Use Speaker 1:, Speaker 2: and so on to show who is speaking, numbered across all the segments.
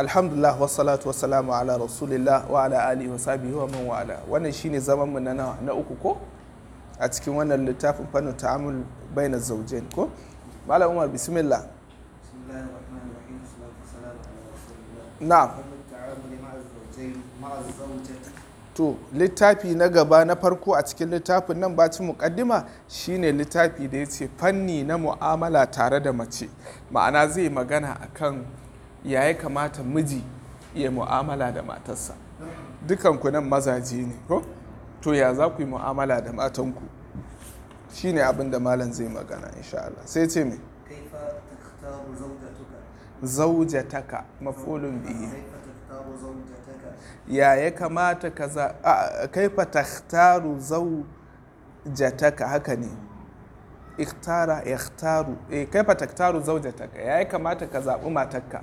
Speaker 1: alhamdulillah wasalatu wasalamu ala rasulillah wa ala ali wa sahbihi wa man wala wannan shine zaman mu na na uku ko a cikin wannan littafin fannin ta'amul baina zawjain ko malam umar bismillah na'am to littafi na gaba na farko a cikin littafin nan bacin mukaddima shine littafi da ya ce fanni na mu'amala tare da mace ma'ana zai magana akan ya ya kamata miji ya mu'amala da matarsa dukanku nan mazaje ne ko to ya za ku yi mu'amala da matanku Shi ne abin da malam zai magana insha Allah sai ce me zaujataka mafolin biyu ya ya kamata ka za kaifa takhtaru zaujataka haka ne ikhtara ikhtaru eh kaifa takhtaru zaujataka ya ya kamata ka zaɓi matarka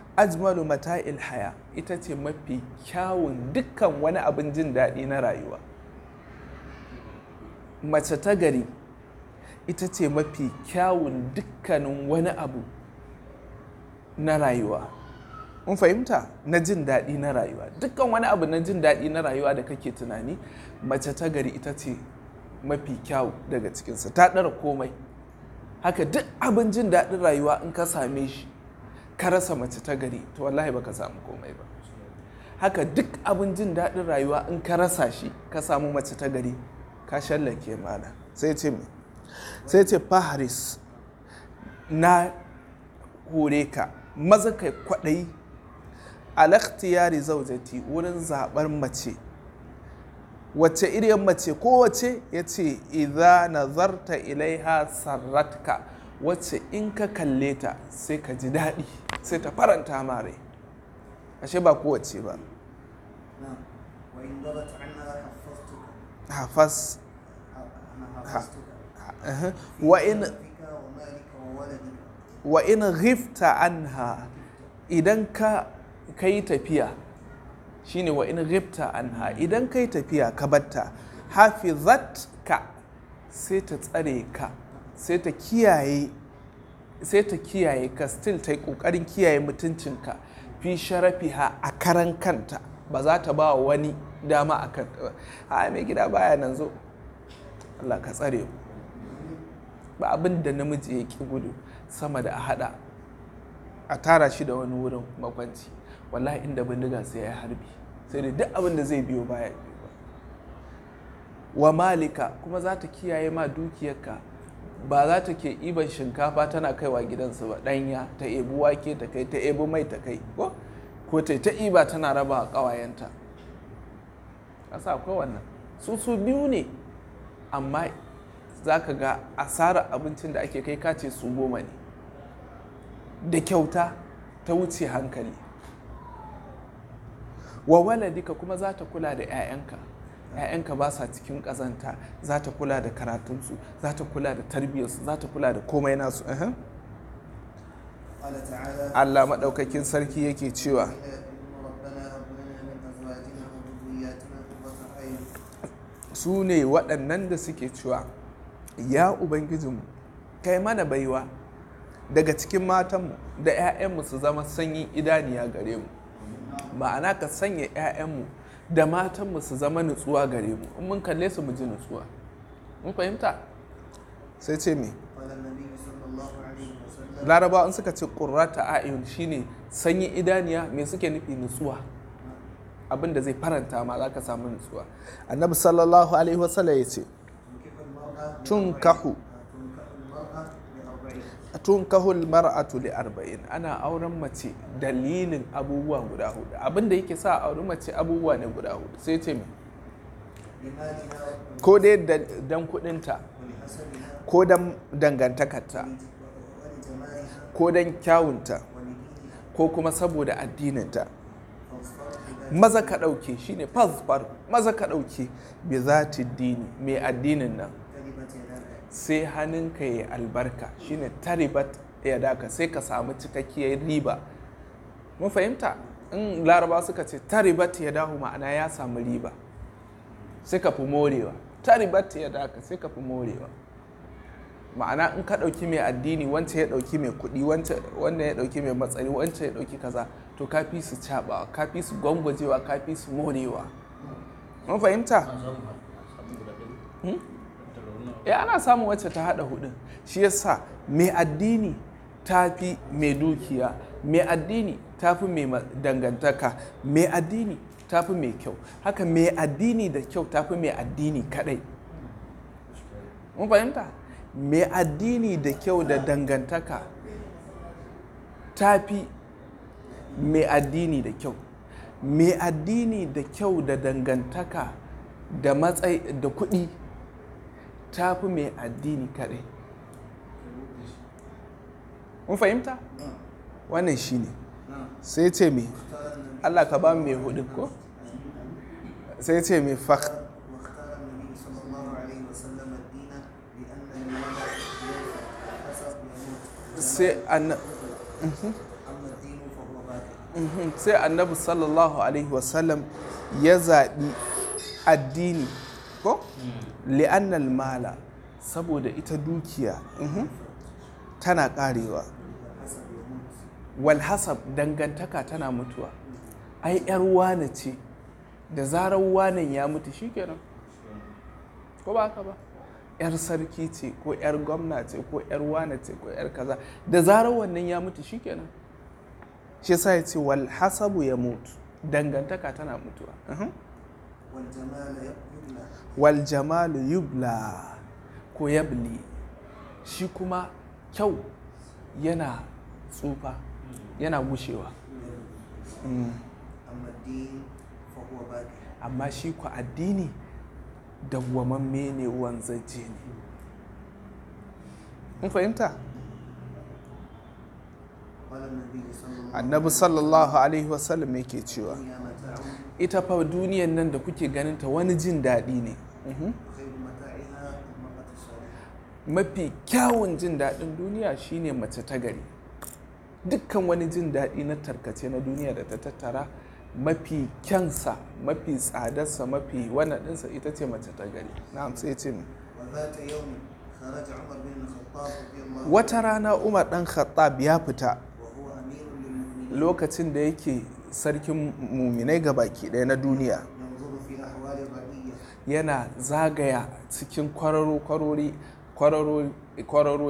Speaker 1: ajmalu mata'il haya ita ce mafi kyawun dukkan wani abin jin daɗi na rayuwa mace ta gari ita ce mafi kyawun dukkanin wani abu na rayuwa mun fahimta na jin daɗi na rayuwa dukkan wani abu na jin daɗi na rayuwa da kake tunani mace ta gari ita ce mafi kyau daga cikinsa ta ɗara komai haka duk abin jin daɗin rayuwa in ka same shi ka rasa mace ta gari to wallahi baka samu komai ba haka duk abin jin daɗin rayuwa in ka rasa shi ka samu mace ta gari ka shallake mana sai ce me sai ce faharis na hore ka maza kai kwaɗayi alaktiyari zaujati wurin zaɓar mace wace iriyar mace kowace ya ce idza nazarta ha sarratka wacce in ka kalle ta sai ka ji daɗi sai ta faranta mare ashe ba kowace ba hafas wa in ghifta anha idan ka kai tafiya shine wa in ghifta anha idan yi tafiya ka batta hafizat ka sai ta tsare ka sai ta kiyaye sai ta ka still ta yi ƙoƙarin kiyaye mutuncinka fi ha a karan kanta ba za ta ba wani dama a kan a mai gida baya nan zo Allah ka tsare ba abin da namiji ya ki gudu sama da a hada a tara shi da wani wurin makwanci wallahi inda bindiga sai ya harbi sai da duk abin da zai biyo baya wa malika kuma za ta kiyaye ma dukiyarka ba za ta ke iban shinkafa tana kaiwa gidansu ba ɗanya ta ebi wake ta kai ta ebi mai ta kai ko ta ta iba tana raba ƙawayenta ƙasa akwai wannan su su biyu ne amma za ka ga asarar abincin da ake kai kace su goma ne da kyauta ta wuce hankali wa waladika kuma za ta kula da 'ya'yanka 'ya'yanka ba sa cikin ƙazanta za ta kula da karatunsu za ta kula da tarbiyyarsu za ta kula da komai nasu Allah maɗaukakin sarki yake cewa su ne waɗannan da suke cewa ya ubangijinmu kai mana baiwa daga cikin matanmu da 'ya'yanmu su zama sanyin idaniya gare mu ma'ana ka sanya 'ya'yanmu da matanmu su zama nutsuwa gare mu mun kalle su mu ji nutsuwa mun fahimta sai ce me laraba in suka ce ƙurrata ayun shine sanyi idaniya me suke nufi nutsuwa Abinda zai faranta ma za ka samu nutsuwa annabi sallallahu alaihi wasallam ya ce tunkahu Tun kahul mar'atu li arba'in ana auren mace dalilin abubuwa guda hudu abinda yake sa auren mace abubuwa ne guda hudu sai ce me ko dai dan kudinta ko dan dangantakarta ko dan kyawunta ko kuma saboda addininta maza ka dauke shi ne maza ka dauke bi za dini mai addinin nan sai hannunka ya albarka shine taribat ya daka sai ka samu cikakkiyar riba mun fahimta in laraba suka ce taribat ya dahu ma'ana ya samu riba sai ka fi morewa taribat ya daka sai ka fi morewa ma'ana in ka ɗauki mai addini wancan ya ɗauki mai kuɗi wanda ya ɗauki mai matsari wancan ya ɗauki kaza to ka fi su caɓawa ka fi su gwangwajewa ka fi su morewa mun fahimta? eh ana samun wacce ta hada hudun shi yasa mai addini ta fi mai dukiya mai addini ta fi mai dangantaka mai addini ta fi mai kyau haka mai addini da kyau ta fi mai addini kadai mun fahimta mai addini da kyau da dangantaka ta fi mai addini da kyau mai addini da kyau da dangantaka da matsayi da kuɗi ta fi mai addini kaɗai mun fahimta wannan shi ne sai ce mai allah ka ba mai hudu ko sai ce mai fak mhm. Mhm. sai annabi sallallahu alaihi wasallam ya zaɓi addini ko mm. li'annal mala saboda ita dukiya mm-hmm. tana karewa walhasab dangantaka tana mutuwa ai yar wane ce da zarar wanan ya mutu shikenan ko ba ka ba yar sarki ce ko yar gwamna ce ko yar wane ce ko yar kaza da zarar wannan ya mutu shikenan shi yasa ya ce walhasabu ya mutu dangantaka tana mutuwa mm-hmm. wal jamalu yubla ko yabli shi kuma kyau yana tsufa yana gushewa mm. amma shi ku addini dawwamamme ne wanzaje ne in fahimta annabi sallallahu alaihi wasallam yake cewa ita fa duniyan nan da kuke ganinta wani jin daɗi ne mhm. mafi kyawun jin daɗin duniya shine mace ta gari dukkan wani jin daɗi na tarkace na duniya da ta tattara mafi kyansa mafi tsadarsa mafi wannan ɗinsa ita ce mace ta gari na'am sai ce mu wata rana umar ɗan khattab ya fita lokacin da yake sarkin muminai ga baki ɗaya na duniya yana zagaya cikin kwararo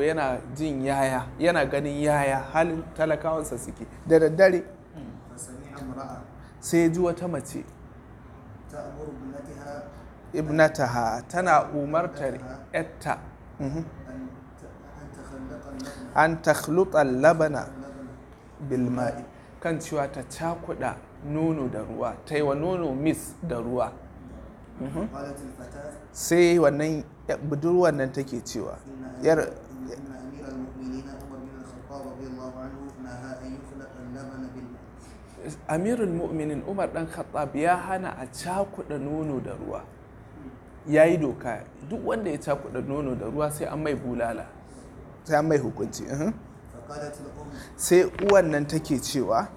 Speaker 1: yana jin yaya yana ganin yaya halin talakawansa suke da daddare sai ji wata mace ha tana
Speaker 2: umartar
Speaker 1: yatta mhm, an takhluta labana bilma'i kan cewa ta cakuɗa nono da ruwa ta yi wa nono mis da ruwa mhm. sai wannan eh, budurwar nan take cewa yar amirul mu'minin umar dan khattab ya hana a cakuɗa nono da ruwa ya yi doka duk wanda ya cakuɗa nono da ruwa sai an mai bulala sai an mai hukunci mhm. sai uwan nan take cewa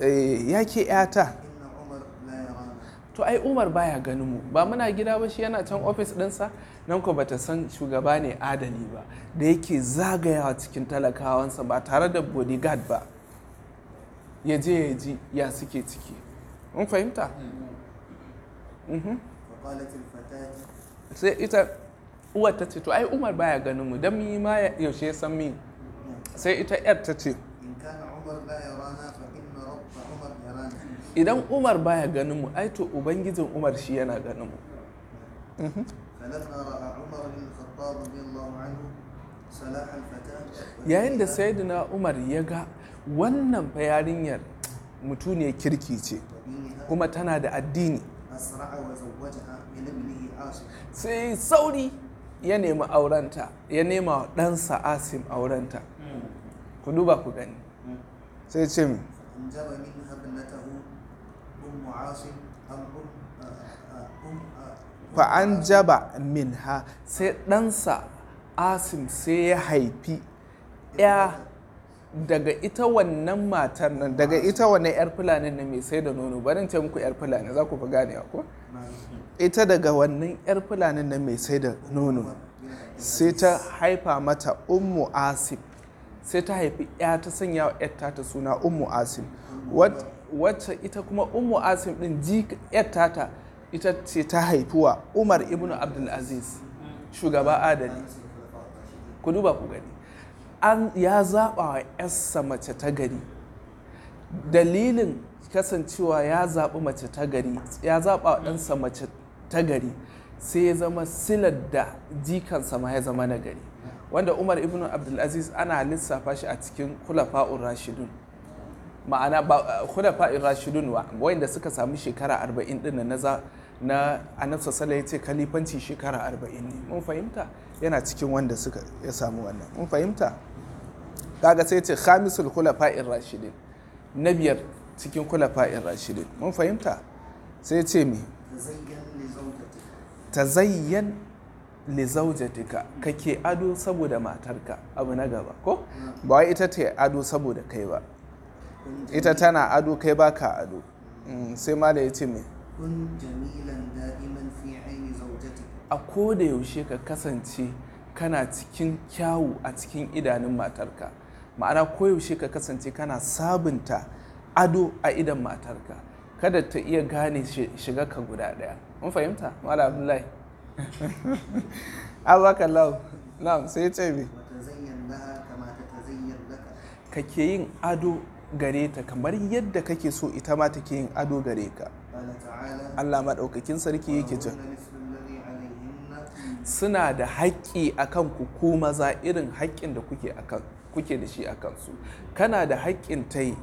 Speaker 1: ya eh, ke yata to ai umar baya ganin mu ba muna gida ba shi yana can ofis dinsa nan ku bata san shugaba ne adali ba da yake zagayawa cikin talakawansa ba tare da bodyguard ba ya je ya ji ya suke ciki mun fahimta mm-hmm. Mm-hmm. sai ita uwar ta ce to ai umar baya ganin mu don mi ma yaushe ya san mi sai ita yar ta ce idan umar baya ganin mu ai to ubangijin umar shi yana ganin mu mhm. yayin da sayyidina umar ya ga wannan fa yarinyar mutuniyar kirki ce kuma tana da addini sai sauri ya nemi aurenta ya nema ɗansa asim aurenta ku duba ku gani sai ce umm mu
Speaker 2: umm, umm,
Speaker 1: fa an jaba min ha sai ɗansa asim sai ya haifi ya daga ita wannan matar nan daga ita wannan yar fulani na mai sai da nono barin ce muku yar fulani za ku fi gane ko ita daga wannan yar fulani na mai sai da nono sai ta haifa mata ummu asif sai ta haifi ya ta sanya wa yatta ta suna ummu asim wacce ita kuma ummu asim din ji yatta ta ita ce ta haifuwa umar ibn abdulaziz shugaba adali ku duba ku gani an ya zaɓa wa yarsa mace ta gari dalilin kasancewa ya zaɓi mace ta gari ya zaɓa wa ɗansa mace ta gari sai ya zama silar da jikansa ma ya zama nagari. wanda umar ibn abdulaziz ana lissafa shi a cikin khulafa'ur rashidun ma'ana khulafa'ur rashidun wanda suka samu shekara 40 din na na annabi sallallahu ya ce kalifanci shekara 40 ne mun fahimta yana cikin wanda suka ya samu wannan mun fahimta kaga sai ce khamisul khulafa'ir rashidin na biyar cikin khulafa'ir rashidin mun fahimta sai ce me tazayyan lizaujatika kake ado saboda matarka abu na gaba ko ba wai ita ta ado saboda kai ba ita tana ado kai ba ka ado mm, sai ma da ya ce mai a ko da yaushe ka kasance kana cikin kyawu a cikin idanun matarka ma'ana koyaushe ka kasance kana sabunta ado a idan matarka kada ta iya gane shiga ka guda ɗaya mun fahimta mala abdullahi Azakallahu. na sai ce ka ke yin ado gare ta kamar yadda kake so ita ma take yin ado gare ka. Allah maɗaukakin sarki yake ce. Suna da haƙƙi a kan ku ko maza irin haƙƙin da kuke da shi a kansu. Kana da haƙƙin ta yi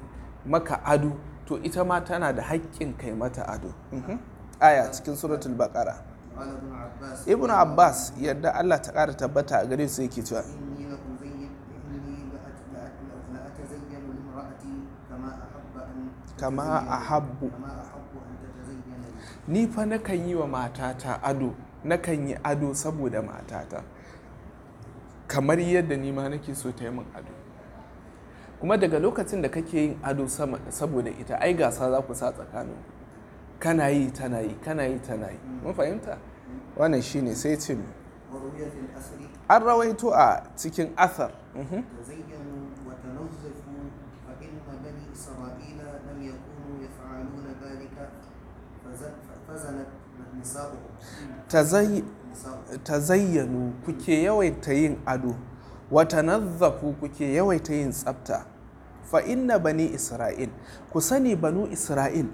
Speaker 1: maka ado to ita ma tana da haƙƙin kai mata ado. Mhm. Aya cikin suratul bakara.
Speaker 2: ibn abbas
Speaker 1: yadda allah ta ƙara tabbata a gare su yake cewa
Speaker 2: kama a habbu
Speaker 1: ni fa na kan yi wa matata ado na kan yi ado saboda matata kamar yadda ni ma nake so ta yi min ado kuma daga lokacin da kake yin ado saboda ita ai gasa za ku sa tsakanin kana yi tana yi kana yi tana yi mun fahimta wannan shine sai ce mu an rawaito a cikin asar mhm. zayyano kuke yawaita yin ado wata nazzafu kuke yawaita yin tsafta fa inna bani isra'il ku sani banu isra'il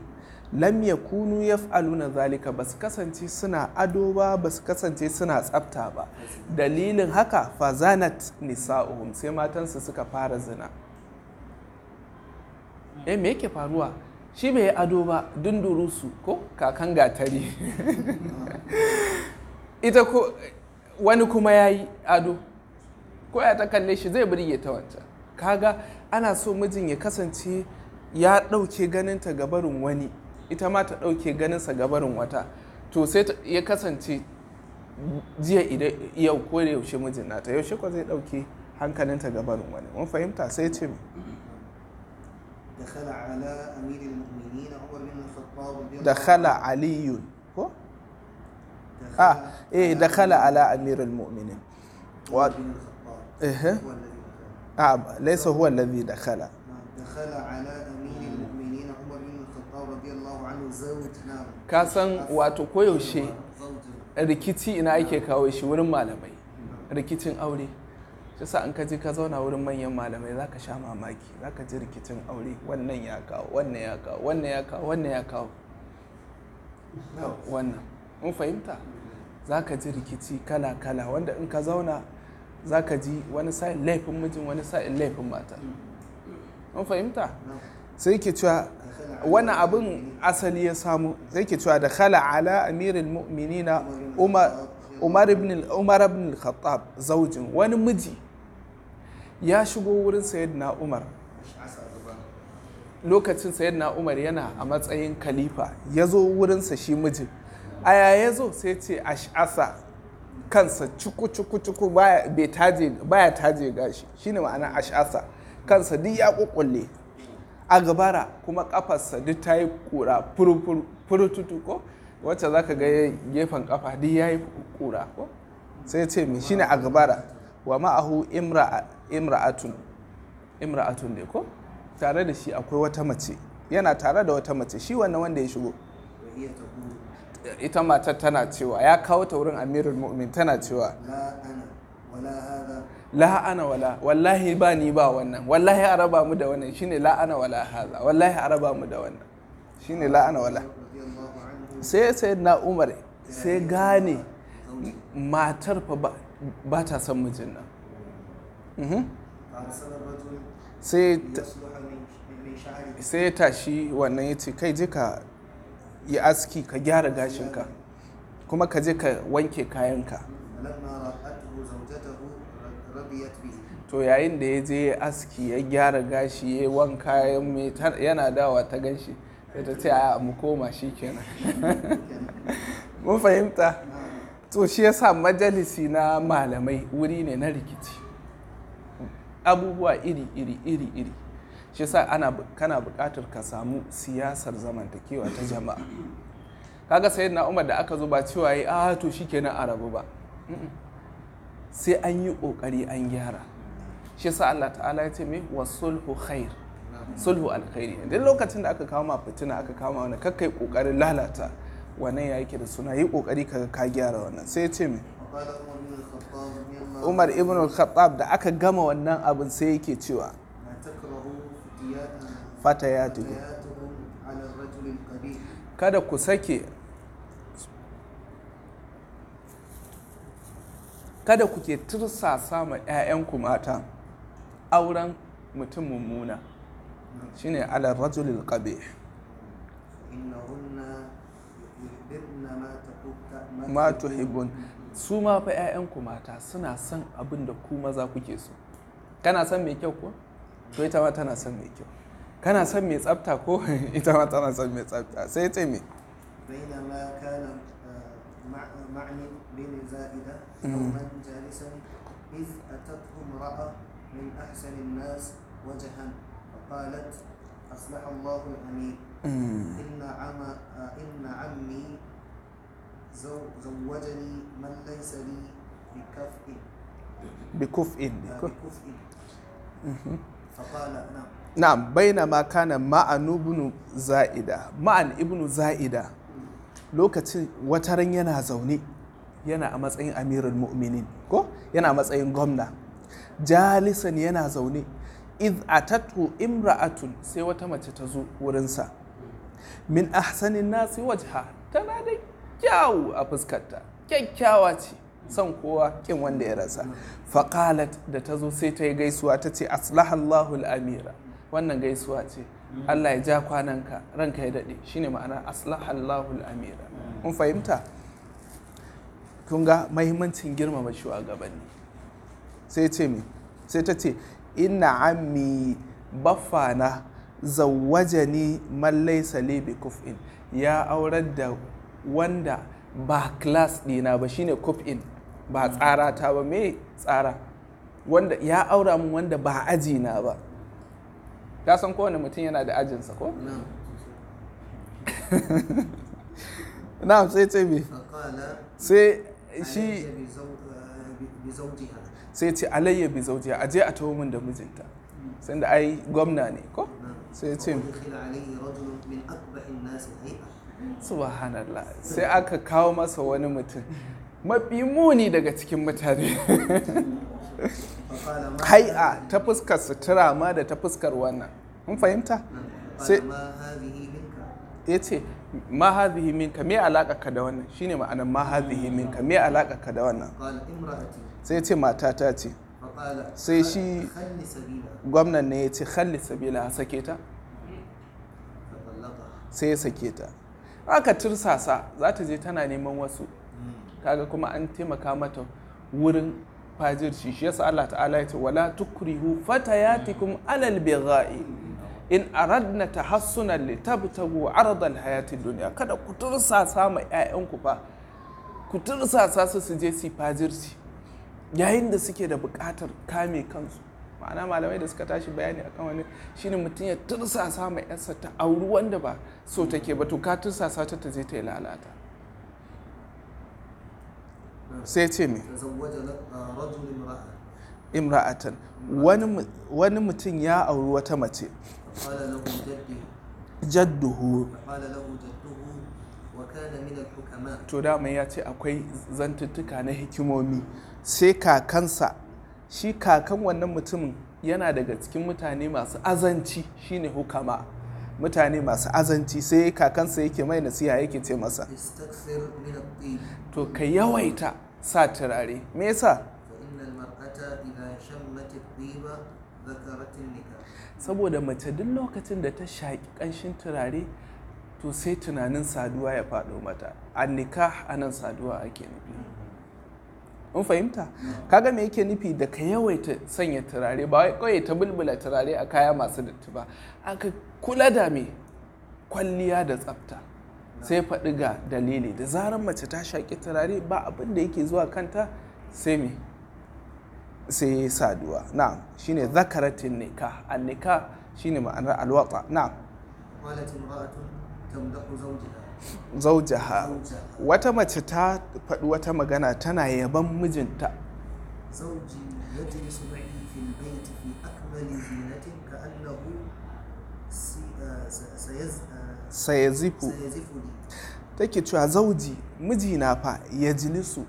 Speaker 1: lam yakunu yaf'aluna zalika ba su kasance suna ado ba ba su kasance suna tsafta ba dalilin haka fazanat nisa'uhum sai matansu suka fara zina eh me yake faruwa shi bai ado ba dundurusu ko kakan gatari ita ko wani kuma ya yi ado ko ya ta kalle shi zai birge ta wancan kaga ana so mijin ya kasance ya ɗauke ganinta gabarin wani ita ma ta ɗauke ganinsa gabarin wata to sai ya kasance jiya idan yau ko da yaushe mijin nata yaushe ko zai ɗauke hankalinta gabarin wani mun fahimta sai ce mu
Speaker 2: dakhala ala al-mu'minin
Speaker 1: aliyun ko ah eh dakhala ala amirul mu'minin wa eh, eh. a ah, laysa huwa alladhi dakhala dakhala ala ka san wato koyaushe rikici ina ake kawo shi wurin malamai rikicin aure shi sa an ka je ka zauna wurin manyan malamai za ka sha mamaki za ka ji rikicin aure wannan ya kawo wannan ya kawo wannan ya kawo wannan ya kawo wannan in fahimta za ka ji rikici kala kala wanda in ka zauna za ka ji wani sa'in laifin mijin wani sa'in laifin mata in fahimta sai ke cewa wani abin asali ya samu zai ke cewa da khala ala amirin na umar ibn al-khattab zaujin wani miji ya shigo wurin sayyidina umar lokacin sayyidina umar yana a matsayin kalifa ya zo wurinsa shi mijin a yaya zo sai ce ash'asa kansa cuku cuku cuku baya taje gashi shine ma'ana ash'asa kansa duk ya kukulle gabara kuma kafarsa duk ta yi kura furututu ko wacce za ka ga gefen kafa duk ya yi kura ko sai ce mai shine gabara wa ma'ahu imra'atun imra'atun ne ko tare da shi akwai wata mace yana tare da wata mace shi wannan wanda ya shigo ita matar tana cewa ya kawo ta wurin amirin mu'min tana cewa la'ana wala wallahi ba ni ba wannan wallahi a raba mu da wannan shine la'ana wala haza wallahi a raba mu da wannan shine la'ana wala sai sai na umar sai gane matar fa ba ta son mijin nan mhm. sai ta shi wannan ya ce kai je ka yi aski ka gyara gashinka kuma ka je ka wanke kayanka to yayin da ya je aski ya gyara gashi ya wanka yana dawa ta ganshi sai ta ce a mu koma shi kenan mun fahimta to shi ya sa majalisi na malamai wuri ne na rikici abubuwa iri iri iri iri shi sa ana kana buƙatar ka samu siyasar zamantakewa ta jama'a kaga na Umar da aka zo ba cewa yi a to shi kenan arabu ba sai an yi ƙoƙari an gyara shi sa Allah ta'ala ya ce mai wasulhu khair sulhu alkhairi duk lokacin da aka kama fitina aka kama wani kakkai kokarin lalata wannan ya yake da suna yi kokari kaga ka gyara wannan sai ya ce mai Umar ibn al-Khattab da aka gama wannan abin sai yake cewa fata ya tuku kada ku sake kada ku ke tursasa ma 'ya'yanku mata auren mutum mummuna shine ala rajulil qabih
Speaker 2: matu hibun
Speaker 1: su ma fa 'ya'yanku mata suna son abin da ku maza kuke so kana son mai kyau ko to ita ma tana son mai kyau kana son mai tsafta ko ita ma tana son mai tsafta sai ce mai
Speaker 2: ma'ani كان معني A زائدة jarisan جالسا a أتته امرأة من أحسن الناس وجها فقالت أصلح الله الأمير إن عم إن عمي زوجني من ليس لي بكفء بكفء بكفء
Speaker 1: فقال نعم نعم بينما كان معن ابن زائدة معن ابن زائدة lokacin wataran yana zaune yana a matsayin amirul mu'minin ko yana a matsayin gwamna jalisan yana zaune iz tattu imra'atun sai wata mace ta zo wurinsa min ahsanin nasi wajha tana da kyawu a fuskarta kyakkyawa ce son kowa kin wanda ya rasa faqalat da ta zo sai ta yi gaisuwa ta ce aslahallahu al'amira wannan gaisuwa ce Allah ya ja kwananka ranka ya daɗe shine ma'ana aslahallahu al'amira mun fahimta kun ga mahimmancin girmama shugabanni sai ce mi sai ta ce ina ammi baffana zawwajani man laysa li bi kuf'in ya aurar da wanda ba class dina ba shine kuf'in ba tsara ta ba me tsara wanda ya aura min wanda ba aji na ba ka san kowane mutum yana da ajinsa ko na sai ce me sai shi sai ce alayya bi zaujiha aje a taho min da mijinta mm. sai da ai gwamna ne ko mm. sai ce subhanallah sai aka kawo masa wani mutum mafi muni daga cikin mutane hai'a ta fuskar sutura ma da ta fuskar wannan mun fahimta mm. sai ya ce ma hazihi minka me alaƙa ka da wannan shine ma'anar ma hazihi minka me alaƙa ka da wannan sai ce matata ce
Speaker 2: sai shi
Speaker 1: gwamnan ne ya ce halli sabila sake ta sai ya sake ta aka tursasa za ta je tana neman wasu hmm. kaga kuma an taimaka mata wurin fajirci shi yasa Allah ta'ala ya ce wala tukrihu fatayatikum alal bigha'i in aradna tahassunan litabtagu aradal hayatid dunya kada ku tursasa ma 'ya'yanku fa ku tursasa su su je su shi yayin da suke da buƙatar kame kansu ma'ana malamai da suka tashi bayani a kan wani shine mutum ya tursasa mai yarsa ta auri wanda ba so take ba to ka tursasa ta ta je ta yi lalata sai ce ne
Speaker 2: ah,
Speaker 1: imra'atan wani mutum ya auri wata mace jadduhu to da mai ya ce akwai zantuttuka na hikimomi sai kakansa shi kakan wannan mutumin yana daga cikin mutane masu azanci shine hukama mutane masu azanci sai kakansa yake mai nasiha yake ce masa to ka yawaita sa turare me yasa saboda mace duk lokacin da ta shaki ƙanshin turare to sai tunanin saduwa ya faɗo mata a nan saduwa ake nufi mun fahimta kaga me yake nufi da ka yawaita sanya turare ba kawai ta bulbula turare a kaya masu datti ba aka kula da me kwalliya da tsafta sai faɗi ga dalili da zarar mace ta shaƙi turare ba abin da yake zuwa kanta sai me sai saduwa na shine zakaratin nika annika shine ma'anar alwata na
Speaker 2: tamdahu zawjiha
Speaker 1: zaujaha wata mace ta faɗi wata magana tana yaban mijinta
Speaker 2: eh, eh, sayazifu
Speaker 1: take cewa zauji mijina fa ya jilisu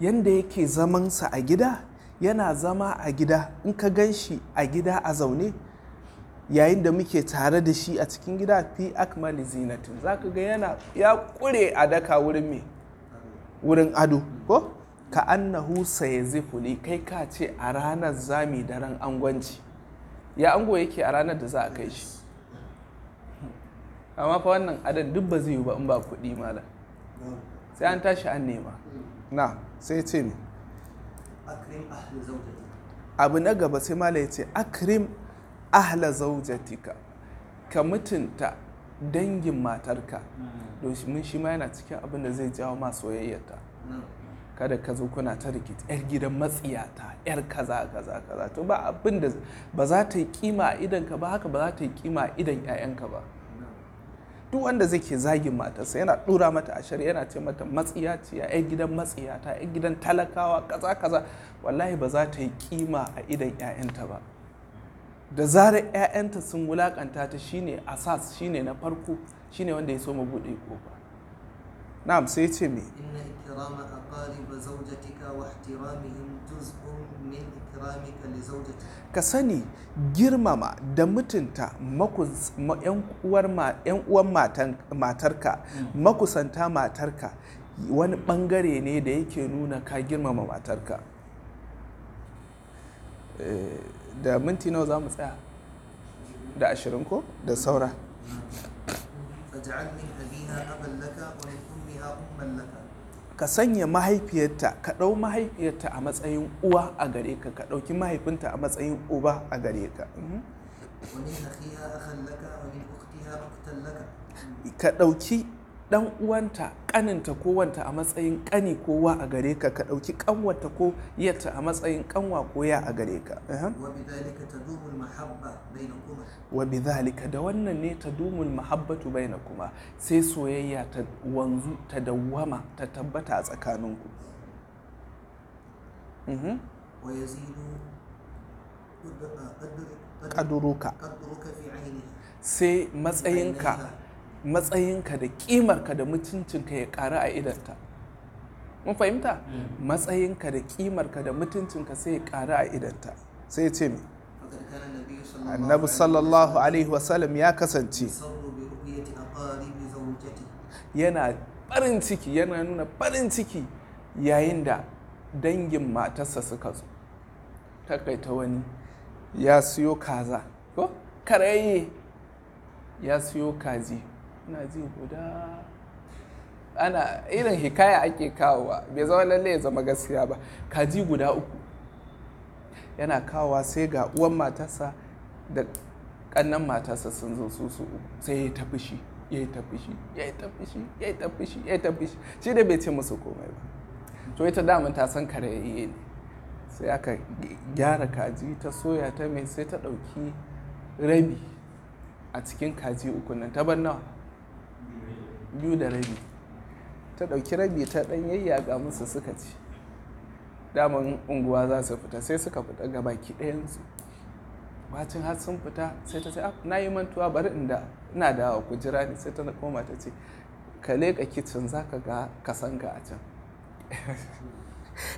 Speaker 1: yadda yake zamansa a gida yana zama a gida in ka gan shi a gida a zaune yayin da muke tare da shi a cikin gida fi akmali zinatin za ka ga yana ya kure a daka wurin me wurin ado ko ka annahu zifuli kai ka ce a ranar zami da ran angwanci ya ango yake a ranar da za a kai shi amma fa wannan adan duk ba zai yi ba in ba kuɗi mala sai an tashi an nema na sai ce ne abu na gaba sai malam ya ce akrim ahla zaujatika ka mutunta dangin matarka mm. domin shi ma yana cikin abin da zai jawo ma soyayyarta mm. kada ka zo kuna ta rikici yar gidan matsiyata yar kaza kaza kaza to ba abin da ba za ta yi kima a idan ka ba haka ba za ta yi kima a idan ƴaƴanka ba mm. duk wanda zai ke zagin matarsa yana dura mata a shari'a yana ce mata matsiyaciya yar gidan matsiyata yar gidan talakawa kaza kaza wallahi ba za ta yi kima a idan ƴaƴanta ba da zarar 'ya'yanta sun wulakanta ta shine asas shine na farko shine wanda ya so mu buɗe kofa na'am sai ce me inna
Speaker 2: ikrama aqarib zawjatika wa ihtiramihim juz'un min ikramika li zawjatika
Speaker 1: ka sani girmama da mutunta yan uwar yan uwan matarka mm. makusanta matarka wani bangare ne da yake nuna ka girmama matarka eh da minti nawa za mu tsaya da ashirin ko da saura ka sanya mahaifiyarta ka ɗau mahaifiyarta a matsayin uwa a gare ka ka ɗauki mahaifinta a matsayin uba a gare ka mhm. ka ɗauki dan uwanta kaninta ko wanta a matsayin kani kowa a gare ka ka dauki kanwata ko yata a matsayin kanwa ko ya a gare ka wa bidhalika da wannan ne ta dumul mahabbatu baina kuma. sai soyayya ta wanzu ta dawwama ta tabbata a tsakaninku wa sai matsayinka matsayinka da ƙimarka da mutuncinka ya ƙaru a idanta mun fahimta mm. matsayinka da ƙimarka da mutuncinka sai ya ƙaru a idanta sai ya ce mi annabi sallallahu alaihi wasallam ya kasance yana farin ciki yana nuna farin ciki yayin da dangin matarsa suka zo Ta ta wani ya siyo kaza ko karaye ya siyo kaji ina ji guda ana irin hikaya ake kawowa bai zama lalle ya zama gaskiya ba kaji guda uku yana kawowa sai ga uwan matarsa da kannan matarsa sun zo su su sai ya tafi shi ya yi tafi shi ya yi tafi shi ya yi tafi shi ya yi tafi shi shi da bai ce musu komai ba to ita damun ta san karayayye ne sai aka gyara kaji ta soya ta mai sai ta ɗauki rabi a cikin kaji uku nan ta bar nawa biyu da rabi ta ɗauki rabi ta ɗan ga musu suka ci daman unguwa za su fita sai suka fita ga baki ɗayansu bacin har sun fita sai ta ce ah, na yi mantuwa bari inda ina da ku jira ni sai ta koma ta ce ka leƙa kicin za ka ga kasanka a can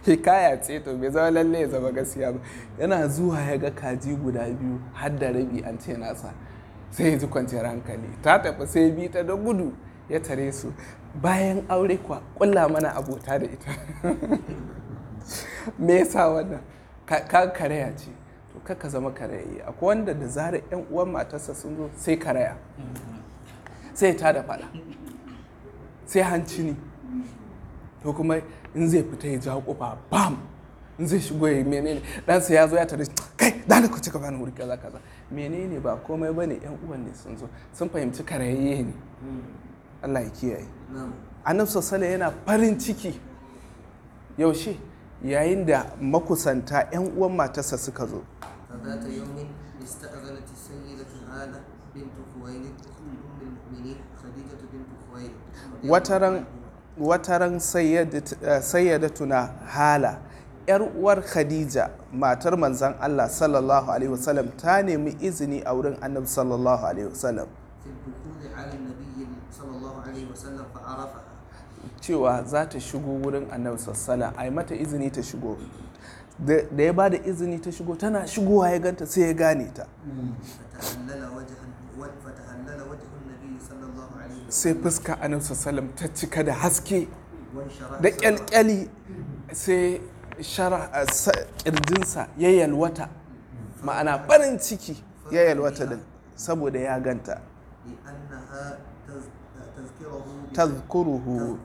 Speaker 1: hikaya ce to bai zama lalle ya zama gaskiya ba yana zuwa ya ga kaji guda biyu har da rabi an ce nasa sai ya ji kwanciyar hankali ta tafi sai bi ta da gudu ya tare su bayan aure kuwa kulla mana abota da ita me yasa wannan ka karaya ce to kaka zama karayayye akwai wanda da zarar yan uwan matarsa sun zo sai karaya sai ta da fada sai hanci ne to kuma in zai fita ya ja kofa bam in zai shigo ya menene ɗansa ya zo ya tare kai dana ku cika bani wuri kaza kaza menene ba komai bane yan uwan ne sun zo sun fahimci karayayye ne Allah ya kiyaye annabi sassala yana farin ciki yaushe yayin da makusanta 'yan uwan matarsa suka zo wataran sayyada tuna hala yar uwar khadija matar manzan allah sallallahu alaihi wasallam ta nemi izini a wurin annabi sallallahu alaihi wasallam alaihi wasallam fa cewa za ta shigo wurin annabi sassala a yi mata izini ta shigo da ya ba da izini ta shigo tana shigowa ya ganta sai ya gane ta mm. sai fuska annabi sassalam ta cika da haske da kyalkyali sai eh, kirjinsa ya yalwata ma'ana farin ciki ya yalwata din saboda ya ganta tazkuruhu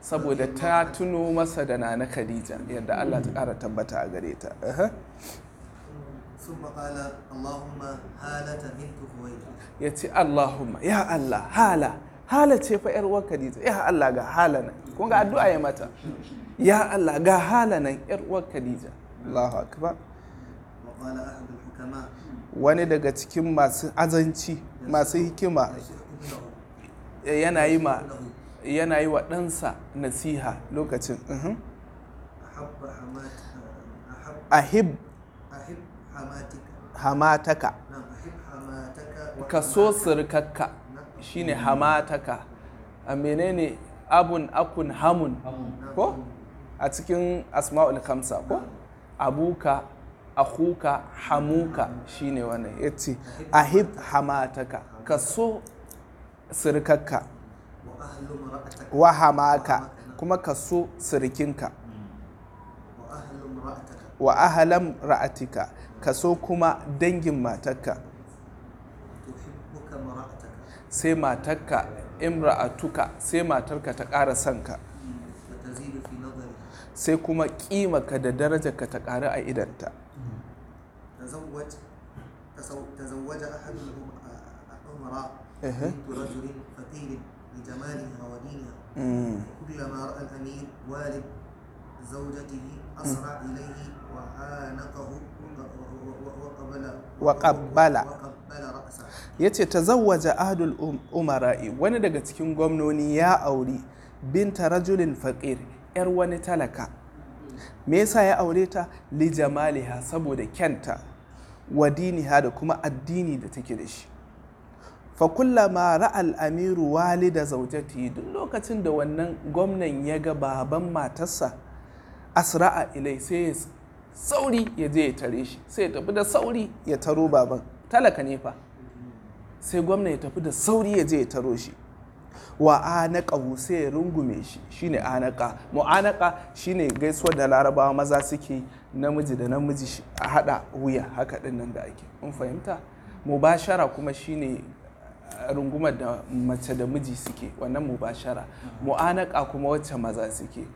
Speaker 1: saboda ta tuno masa da na khadija yadda Allah ta ƙara tabbata a gare ta ya ce Allahumma ya Allah hala hala ce fa uwar khadija ya Allah ga hala nan kun ga addu'a ya mata ya Allah ga hala nan uwar khadija Allahu akbar wani daga cikin masu azanci masu hikima Eh, yana yi wa ɗansa nasiha lokacin mhm. hamataka ka so sirkakka shine hamataka a menene abun akun hamun ko a cikin asma'ul kamsa ko abuka akuka hamuka shine wannan yace ahib hamataka ka so sirkarka wa hamaka kuma ka so sirikinka wa ahalam ra'atika ka so kuma dangin matakka sai matarka imra'atuka sai matarka ta ƙara sanka sai kuma ƙimaka da darajarka ta ƙara a idanta
Speaker 2: umara بنت
Speaker 1: ya ce ta zawaja ahadul umara'i wani daga cikin gwamnoni ya auri binta rajulin faƙir 'yar wani talaka me yasa ya aure ta li jamaliha saboda kyanta wa diniha da kuma addini da take da shi fa ma ra'al amiru wali da zaujati duk lokacin da wannan gwamnan ya ga baban matarsa asra'a ilai sai ya sauri ya je ya tare shi sai ya tafi da sauri ya taro baban talaka ne fa sai gwamna ya tafi da sauri ya je ya taro shi wa anaka sai ya rungume shi shine anaka shi shine gaisuwa da larabawa maza suke namiji da namiji a hada wuya haka din nan da ake mun fahimta mubashara kuma shine rungumar da mace da miji suke wannan mubashara mu'anaka kuma wacce maza suke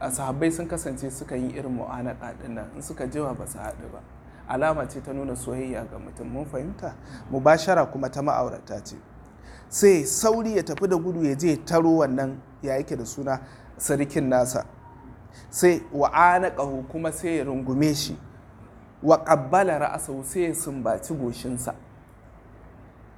Speaker 1: a sahabbai sun kasance suka yi irin mu'anaka ɗinnan, in suka jewa ba su haɗu ba alama ce ta nuna soyayya ga mutum mun fahimta mubashara kuma ta ma'aurata ce sai sauri ya tafi da gudu ya je taro wannan ya yake da suna sarkin nasa sai wa'anaka kuma sai ya rungume shi wa ƙabbala ra'asau sai ya sumbaci goshinsa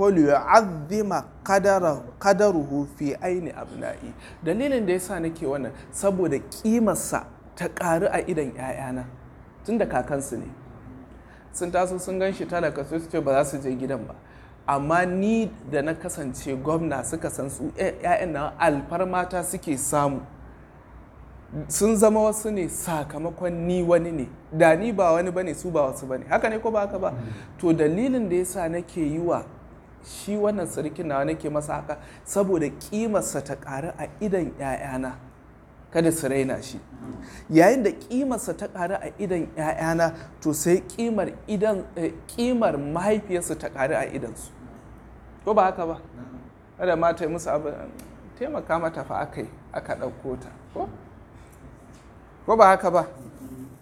Speaker 1: ko liyu'azzima qadaruhu fi aini abna'i dalilin da sa nake wannan saboda kimarsa ta karu a idan 'ya'yana tun da kakansu ne sun taso sun gan shi talaka su ce ba za su je gidan ba amma ni da na kasance gwamna suka san su 'ya'yan na alfarmata suke samu sun zama wasu ne sakamakon ni wani ne da ni ba wani bane su ba wasu bane haka ne ko ba haka ba mm. to dalilin da yasa nake yi wa shi wannan sarkin na nake masa haka saboda kimarsa ta ƙaru a idan 'ya'yana kada su raina shi yayin da kimarsa ta ƙaru a idan 'ya'yana to sai kimar idan kimar eh, mahaifiyarsa ta ƙaru a idansu ko ba haka ba kada ma ta yi musu abu taimaka mata fa aka yi aka ɗauko ta ko ba haka ba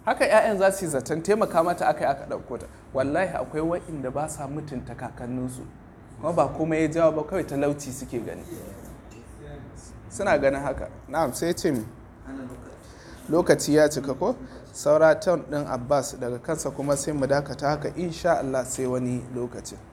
Speaker 1: haka 'ya'yan za su yi zaton taimaka mata aka yi aka ɗauko ta wallahi akwai waɗanda ba sa mutunta kakanninsu kuma ba komai ya jawo ba kawai talauci suke gani suna ganin haka na'am sai ce mi lokaci ya cika ko saura ton din abbas daga kansa kuma sai mu dakata haka insha allah sai wani lokacin